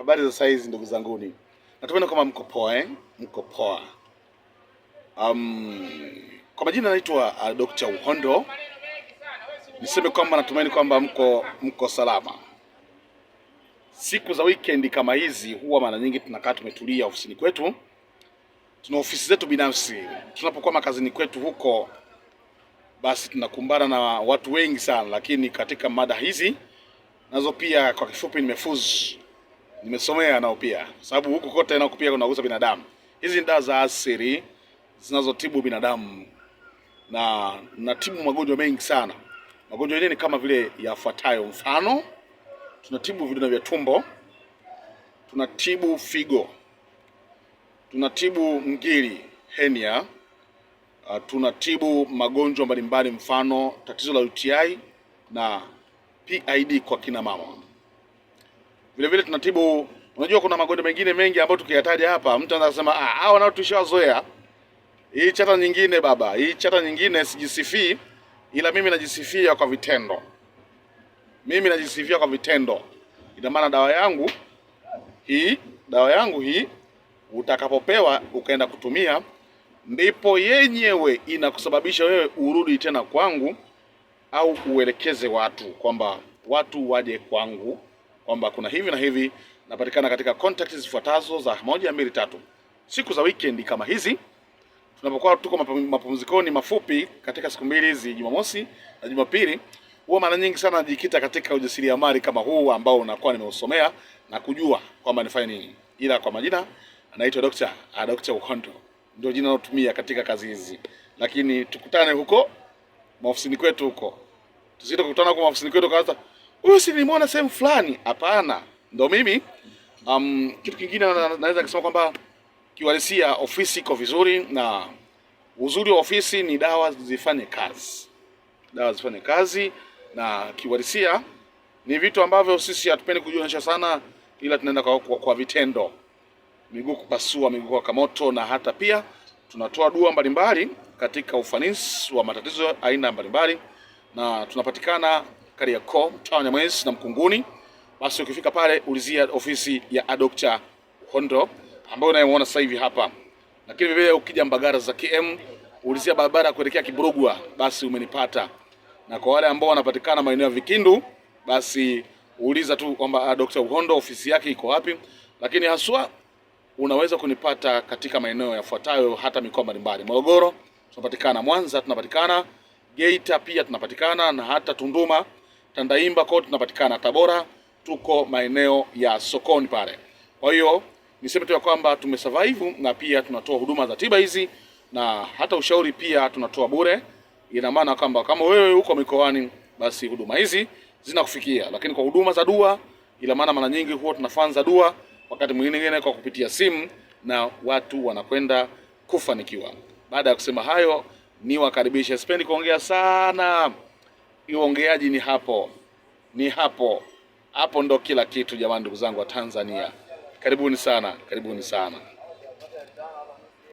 Habari za saizi ndugu zanguni, natumaini kama mko poa eh? Mko poa. Um, kwa majina naitwa uh, Dr. Uhondo. Niseme kwamba natumaini kwamba mko mko salama. Siku za weekend kama hizi huwa mara nyingi tunakaa tumetulia ofisini kwetu, tuna ofisi zetu binafsi. Tunapokuwa makazini kwetu huko, basi tunakumbana na watu wengi sana, lakini katika mada hizi nazo pia kwa kifupi nimefuzu nimesomea nao pia, sababu huku kote nao pia kunagusa binadamu. Hizi ni dawa za asili zinazotibu binadamu na natibu magonjwa mengi sana. Magonjwa yenyewe ni kama vile yafuatayo, mfano tunatibu vidonda vya tumbo, tunatibu figo, tunatibu ngiri, henia, uh, tunatibu magonjwa mbalimbali, mfano tatizo la UTI na PID kwa kina mama. Vile vile tunatibu, unajua kuna magonjwa mengine mengi ambayo tukiyataja hapa mtu anaweza kusema ah, hao nao tushawazoea. Hii chata nyingine baba, hii chata nyingine sijisifii, ila mimi najisifia kwa vitendo. Mimi najisifia kwa vitendo. Ina maana dawa yangu hii, dawa yangu hii utakapopewa ukaenda kutumia ndipo yenyewe inakusababisha wewe urudi tena kwangu au uelekeze watu kwamba watu waje kwangu kwamba kuna hivi na hivi, napatikana katika contact zifuatazo za moja, mbili, tatu. Siku za weekend kama hizi tunapokuwa tuko mapumzikoni mafupi katika siku mbili hizi, Jumamosi na Jumapili, huwa mara nyingi sana najikita katika ujasiriamali kama huu ambao unakuwa nimeusomea na kujua kwamba nifanye nini, ila kwa majina anaitwa Dr. Ah, Dr. Ukonto ndio jina nalotumia katika kazi hizi, lakini tukutane huko maofisini kwetu huko, tusito kukutana huko maofisini kwetu kwanza huyu si nilimwona sehemu fulani? Hapana, ndo mimi. Um, kitu kingine naweza kusema kwamba kiuhalisia ofisi iko vizuri, na uzuri wa ofisi ni dawa zifanye kazi, dawa zifanye kazi, na kiuhalisia ni vitu ambavyo sisi hatupendi kujionyesha sana, ila tunaenda kwa, kwa, kwa vitendo, miguu kupasua, miguu kwa kamoto, na hata pia tunatoa dua mbalimbali katika ufanisi wa matatizo aina mbalimbali, na tunapatikana Kariakoo, mtaa wa Nyamwezi na Mkunguni, basi ukifika pale ulizia ofisi ya Adokta Hondo ambayo unayemwona sasa hivi hapa. Lakini vile ukija Mbagara za KM ulizia barabara ya kuelekea Kibrugwa, basi umenipata. Na kwa wale ambao wanapatikana maeneo ya Vikindu, basi uliza tu kwamba Dr. Hondo ofisi yake iko wapi. Lakini haswa unaweza kunipata katika maeneo yafuatayo, hata mikoa mbalimbali. Morogoro tunapatikana, Mwanza tunapatikana, Geita pia tunapatikana na hata Tunduma. Tandaimba kote tunapatikana. Tabora tuko maeneo ya sokoni pale. Kwa hiyo niseme tu ya kwamba tumesurvive na pia tunatoa huduma za tiba hizi na hata ushauri pia tunatoa bure. Ina maana kwamba kama wewe uko mikoani, basi huduma hizi zinakufikia. Lakini kwa huduma za dua, ila maana mara nyingi huwa tunafanza dua, wakati mwingine kwa kupitia simu na watu wanakwenda kufanikiwa. Baada ya kusema hayo, niwakaribishe. Sipendi kuongea sana uongeaji ni hapo, ni hapo hapo, ndo kila kitu jamani, ndugu zangu wa Tanzania, karibuni sana, karibuni sana.